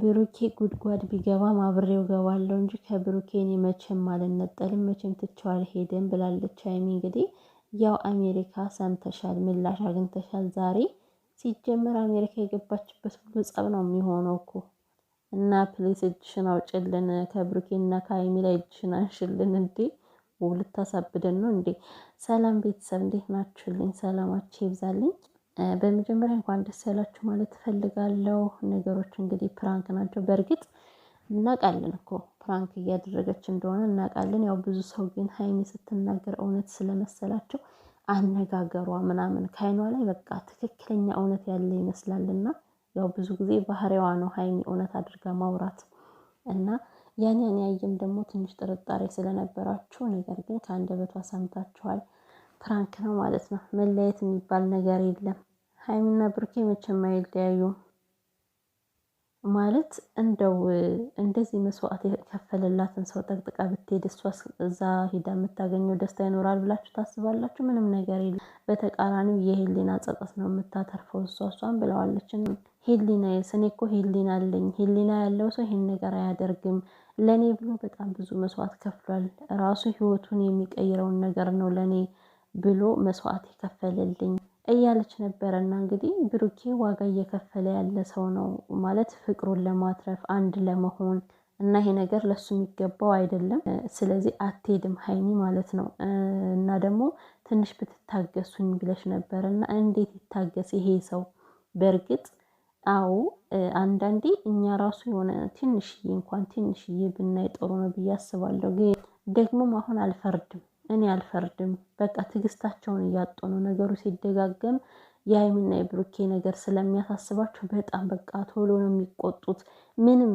ብሩኬ ጉድጓድ ቢገባም አብሬው ገባለው እንጂ ከብሩኬ እኔ መቼም አልነጠልም፣ መቼም ትቼው አልሄድም ብላለች ሀይሚ። እንግዲህ ያው አሜሪካ ሰምተሻል፣ ምላሽ አግኝተሻል ዛሬ። ሲጀመር አሜሪካ የገባችበት ሁሉ ጸብ ነው የሚሆነው እኮ እና ፕሊስ እጅሽን አውጭልን ከብሩኬና ከሀይሚ ላይ እጅሽን አንሽልን እንዴ ልታሳብደን ነው እንዴ? ሰላም ቤተሰብ እንዴት ናችሁልኝ? ሰላማችሁ ይብዛልኝ። በመጀመሪያ እንኳን ደስ ያላችሁ ማለት እፈልጋለሁ። ነገሮች እንግዲህ ፕራንክ ናቸው። በእርግጥ እናውቃለን እኮ ፕራንክ እያደረገች እንደሆነ እናውቃለን። ያው ብዙ ሰው ግን ሀይሚ ስትናገር እውነት ስለመሰላቸው አነጋገሯ ምናምን ከአይኗ ላይ በቃ ትክክለኛ እውነት ያለ ይመስላልና ያው ብዙ ጊዜ ባህሪዋ ነው ሀይሚ እውነት አድርጋ ማውራት እና ያን ያን ያየም ደግሞ ትንሽ ጥርጣሬ ስለነበራችሁ ነገር ግን ከአንደበቷ ሰምታችኋል። ፕራንክ ነው ማለት ነው። መለየት የሚባል ነገር የለም። ሀይሚና ብሩኬ መቼም አይለያዩም ማለት እንደው እንደዚህ መስዋዕት የከፈለላትን ሰው ጠቅጥቃ ብትሄድ እሷ እዛ ሂዳ የምታገኘው ደስታ ይኖራል ብላችሁ ታስባላችሁ? ምንም ነገር የለም። በተቃራኒው የህሊና ጸጸት ነው የምታተርፈው። እሷ እሷን ብለዋለች። ሄሊና እኔ እኮ ሄሊና አለኝ። ሄሊና ያለው ሰው ይሄን ነገር አያደርግም። ለእኔ ብሎ በጣም ብዙ መስዋዕት ከፍሏል። ራሱ ህይወቱን የሚቀይረውን ነገር ነው ለእኔ ብሎ መስዋዕት የከፈለልኝ እያለች ነበረ እና እንግዲህ ብሩኬ ዋጋ እየከፈለ ያለ ሰው ነው ማለት ፍቅሩን ለማትረፍ አንድ ለመሆን እና ይሄ ነገር ለሱ የሚገባው አይደለም። ስለዚህ አትሄድም ሀይኒ ማለት ነው። እና ደግሞ ትንሽ ብትታገሱኝ ብለሽ ነበር እና እንዴት ይታገስ ይሄ ሰው? በእርግጥ አዎ፣ አንዳንዴ እኛ ራሱ የሆነ ትንሽዬ እንኳን ትንሽዬ ብናይ ጥሩ ነው ብዬ አስባለሁ። ግን ደግሞም አሁን አልፈርድም እኔ አልፈርድም። በቃ ትዕግስታቸውን እያጡ ነው። ነገሩ ሲደጋገም የሀይሚና የብሩኬ ነገር ስለሚያሳስባቸው በጣም በቃ ቶሎ ነው የሚቆጡት ምንም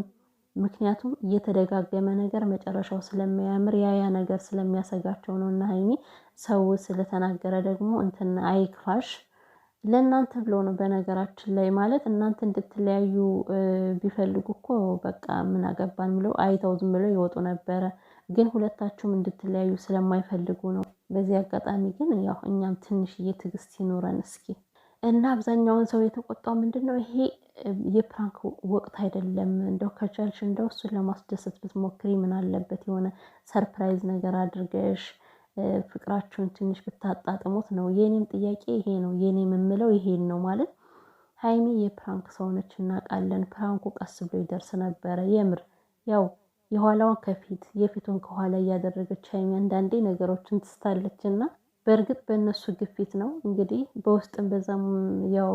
ምክንያቱም እየተደጋገመ ነገር መጨረሻው ስለሚያምር ያያ ነገር ስለሚያሰጋቸው ነው። እና ሀይሚ ሰው ስለተናገረ ደግሞ እንትና አይክፋሽ ለእናንተ ብሎ ነው። በነገራችን ላይ ማለት እናንተ እንድትለያዩ ቢፈልጉ እኮ በቃ ምን አገባን ብለው አይተው ዝም ብለው ይወጡ ነበረ። ግን ሁለታችሁም እንድትለያዩ ስለማይፈልጉ ነው። በዚህ አጋጣሚ ግን ያው እኛም ትንሽዬ ትዕግስት ይኖረን እስኪ እና አብዛኛውን ሰው የተቆጣው ምንድን ነው ይሄ የፕራንክ ወቅት አይደለም። እንደው ከቻልሽ እንደው እሱን ለማስደሰት ብትሞክሪ ምን አለበት? የሆነ ሰርፕራይዝ ነገር አድርገሽ ፍቅራችሁን ትንሽ ብታጣጥሙት ነው። የኔም ጥያቄ ይሄ ነው። የኔ የምለው ይሄን ነው ማለት ሀይሚ የፕራንክ ሰውነች እናውቃለን። ፕራንኩ ቀስ ብሎ ይደርስ ነበረ። የምር ያው የኋላዋን ከፊት የፊቱን ከኋላ እያደረገች ሀይሚ አንዳንዴ ነገሮችን ትስታለች እና በእርግጥ በእነሱ ግፊት ነው እንግዲህ በውስጥም በዛም ያው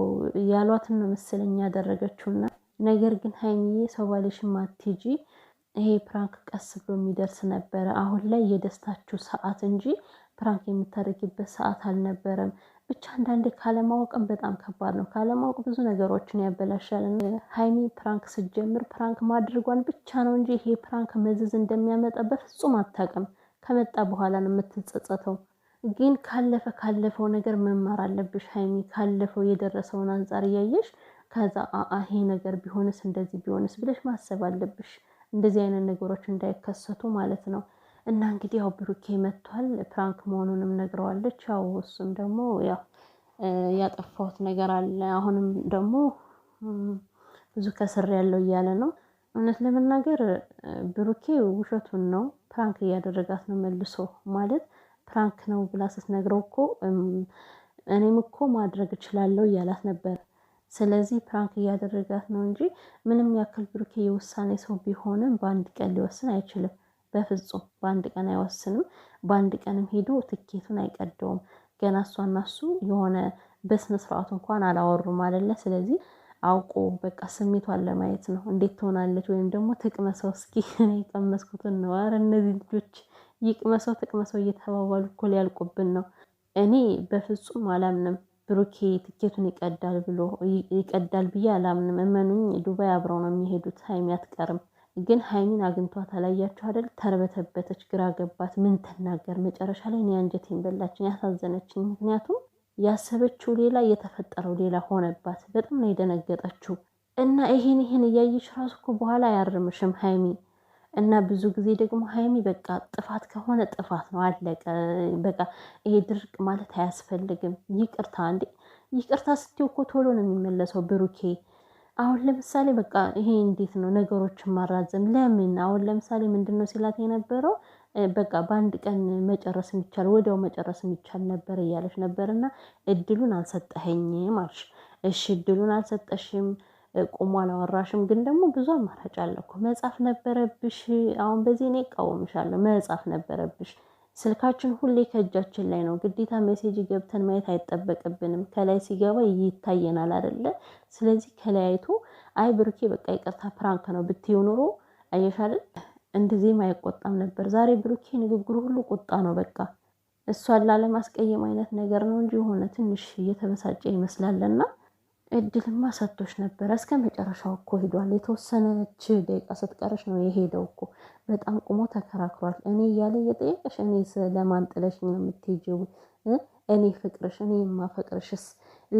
ያሏትን መሰለኝ ያደረገችውና ነገር ግን ሀይሚዬ ሰው ባልሽም አትሂጂ ይሄ ፕራንክ ቀስ ብሎ የሚደርስ ነበረ። አሁን ላይ የደስታችሁ ሰዓት እንጂ ፕራንክ የምታደርጊበት ሰዓት አልነበረም። ብቻ አንዳንዴ ካለማወቅም በጣም ከባድ ነው። ካለማወቅ ብዙ ነገሮችን ያበላሻል። ሀይሚ ፕራንክ ስትጀምር ፕራንክ ማድረጓን ብቻ ነው እንጂ ይሄ ፕራንክ መዘዝ እንደሚያመጣ በፍጹም አታውቅም። ከመጣ በኋላ ነው የምትጸጸተው። ግን ካለፈ ካለፈው ነገር መማር አለብሽ ሀይሚ። ካለፈው የደረሰውን አንጻር እያየሽ ከዛ አአ ይሄ ነገር ቢሆንስ እንደዚህ ቢሆንስ ብለሽ ማሰብ አለብሽ። እንደዚህ አይነት ነገሮች እንዳይከሰቱ ማለት ነው። እና እንግዲህ ያው ብሩኬ መጥቷል። ፕራንክ መሆኑንም ነግረዋለች። ያው እሱም ደግሞ ያው ያጠፋሁት ነገር አለ አሁንም ደግሞ ብዙ ከስር ያለው እያለ ነው። እውነት ለመናገር ብሩኬ ውሸቱን ነው፣ ፕራንክ እያደረጋት ነው መልሶ። ማለት ፕራንክ ነው ብላ ስትነግረው እኮ እኔም እኮ ማድረግ እችላለሁ እያላት ነበር። ስለዚህ ፕራንክ እያደረጋት ነው እንጂ ምንም ያክል ብሩኬ የውሳኔ ሰው ቢሆንም በአንድ ቀን ሊወስን አይችልም። በፍጹም በአንድ ቀን አይወስንም። በአንድ ቀንም ሄዶ ትኬቱን አይቀደውም። ገና እሷና እሱ የሆነ በስነ ስርዓቱ እንኳን አላወሩም አለለ። ስለዚህ አውቆ በቃ ስሜቷን ለማየት ነው እንዴት ትሆናለች፣ ወይም ደግሞ ትቅመሰው እስኪ የቀመስኩትን ነው። ኧረ እነዚህ ልጆች ይቅመሰው፣ ትቅመሰው እየተባባሉ እኮ ሊያልቁብን ነው። እኔ በፍጹም አላምንም። ብሩኬ ትኬቱን ይቀዳል ብሎ ይቀዳል ብዬ አላምንም። እመኑኝ ዱባይ አብረው ነው የሚሄዱት። ሀይሚ አትቀርም። ግን ሀይሚን አግኝቷት አላያችሁ አይደል? ተርበተበተች፣ ግራ ገባት። ምን ተናገር? መጨረሻ ላይ እኔ አንጀቴን በላችን፣ ያሳዘነችኝ። ምክንያቱም ያሰበችው ሌላ የተፈጠረው ሌላ ሆነባት። በጣም ነው የደነገጠችው እና ይሄን ይሄን እያየሽ ራሱ እኮ በኋላ አያርምሽም ሀይሚ እና ብዙ ጊዜ ደግሞ ሀይሚ በቃ ጥፋት ከሆነ ጥፋት ነው አለቀ። በቃ ይሄ ድርቅ ማለት አያስፈልግም። ይቅርታ እንዴ ይቅርታ ስትው እኮ ቶሎ ነው የሚመለሰው ብሩኬ። አሁን ለምሳሌ በቃ ይሄ እንዴት ነው ነገሮችን ማራዘም ለምን? አሁን ለምሳሌ ምንድን ነው ሲላት የነበረው በቃ በአንድ ቀን መጨረስ የሚቻል ወዲያው መጨረስ የሚቻል ነበር እያለች ነበር። እና እድሉን አልሰጠኸኝም አልሽ። እሺ እድሉን አልሰጠሽም ቆሞ አላወራሽም። ግን ደግሞ ብዙ አማራጭ አለ እኮ መጻፍ ነበረብሽ። አሁን በዚህ እኔ እቃወምሻለሁ። መጻፍ ነበረብሽ። ስልካችን ሁሌ ከእጃችን ላይ ነው። ግዴታ ሜሴጅ ገብተን ማየት አይጠበቅብንም። ከላይ ሲገባ ይታየናል አደለ? ስለዚህ ከለያይቶ አይ ብሩኬ በቃ ይቅርታ ፕራንክ ነው ብትዩ ኑሮ አየሻል፣ እንደዚህም አይቆጣም ነበር። ዛሬ ብሩኬ ንግግሩ ሁሉ ቁጣ ነው። በቃ እሷን ላለማስቀየም አይነት ነገር ነው እንጂ የሆነ ትንሽ እየተበሳጨ ይመስላለና። እድልማ ሰጥቶሽ ነበር እስከ መጨረሻው እኮ ሄዷል። የተወሰነች ደቂቃ ስትቀረሽ ነው የሄደው እኮ። በጣም ቁሞ ተከራክሯል። እኔ እያለ እየጠየቀሽ እኔ ለማን ጥለሽኝ ነው የምትሄጂው? እኔ ፍቅርሽ እኔ የማፈቅርሽስ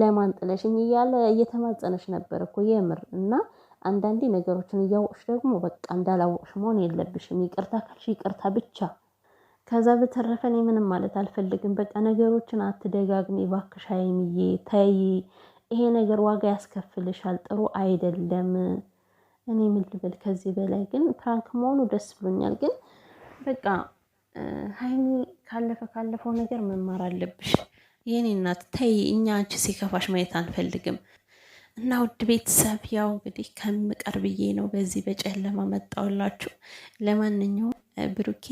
ለማን ጥለሽኝ እያለ እየተማጸነች ነበር እኮ የምር እና አንዳንዴ ነገሮችን እያወቅሽ ደግሞ በቃ እንዳላወቅሽ መሆን የለብሽም። ይቅርታ ካልሽ ይቅርታ ብቻ። ከዛ በተረፈ እኔ ምንም ማለት አልፈልግም። በቃ ነገሮችን አትደጋግሜ እባክሽ ሀይሚዬ ተይ ይሄ ነገር ዋጋ ያስከፍልሻል፣ ጥሩ አይደለም። እኔ ምን ልበል ከዚህ በላይ ግን ፕራንክ መሆኑ ደስ ብሎኛል። ግን በቃ ሀይሚ ካለፈ ካለፈው ነገር መማር አለብሽ። የኔ እናት ተይ፣ እኛ አንቺ ሲከፋሽ ማየት አንፈልግም። እና ውድ ቤተሰብ ያው እንግዲህ ከምቀር ብዬ ነው በዚህ በጨለማ መጣውላችሁ ለማንኛውም ብሩኬ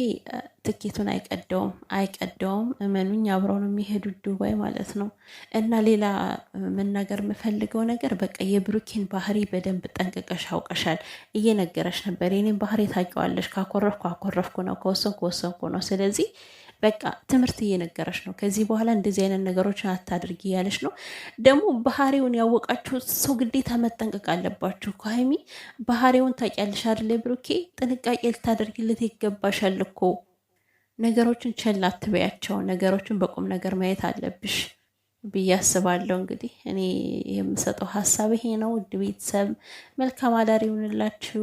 ትኬቱን አይቀደውም አይቀደውም፣ እመኑኝ አብረው ነው የሚሄዱት ዱባይ ማለት ነው። እና ሌላ መናገር የምፈልገው ነገር በቃ የብሩኬን ባህሪ በደንብ ጠንቅቀሽ አውቀሻል፣ እየነገረሽ ነበር። የኔን ባህሪ ታውቂዋለሽ። ካኮረፍኩ አኮረፍኩ ነው፣ ከወሰንኩ ወሰንኩ ነው። ስለዚህ በቃ ትምህርት እየነገረች ነው። ከዚህ በኋላ እንደዚህ አይነት ነገሮችን አታድርጊ እያለች ነው። ደግሞ ባህሪውን ያወቃችሁ ሰው ግዴታ መጠንቀቅ አለባችሁ። ከሀይሚ ባህሪውን ታውቂያለሽ አይደለ ብሩኬ? ጥንቃቄ ልታደርጊለት ይገባሻል እኮ ነገሮችን ቸል አትበያቸው። ነገሮችን በቁም ነገር ማየት አለብሽ ብዬ አስባለሁ። እንግዲህ እኔ የምሰጠው ሀሳብ ይሄ ነው። ውድ ቤተሰብ መልካም አዳር ይሁንላችሁ።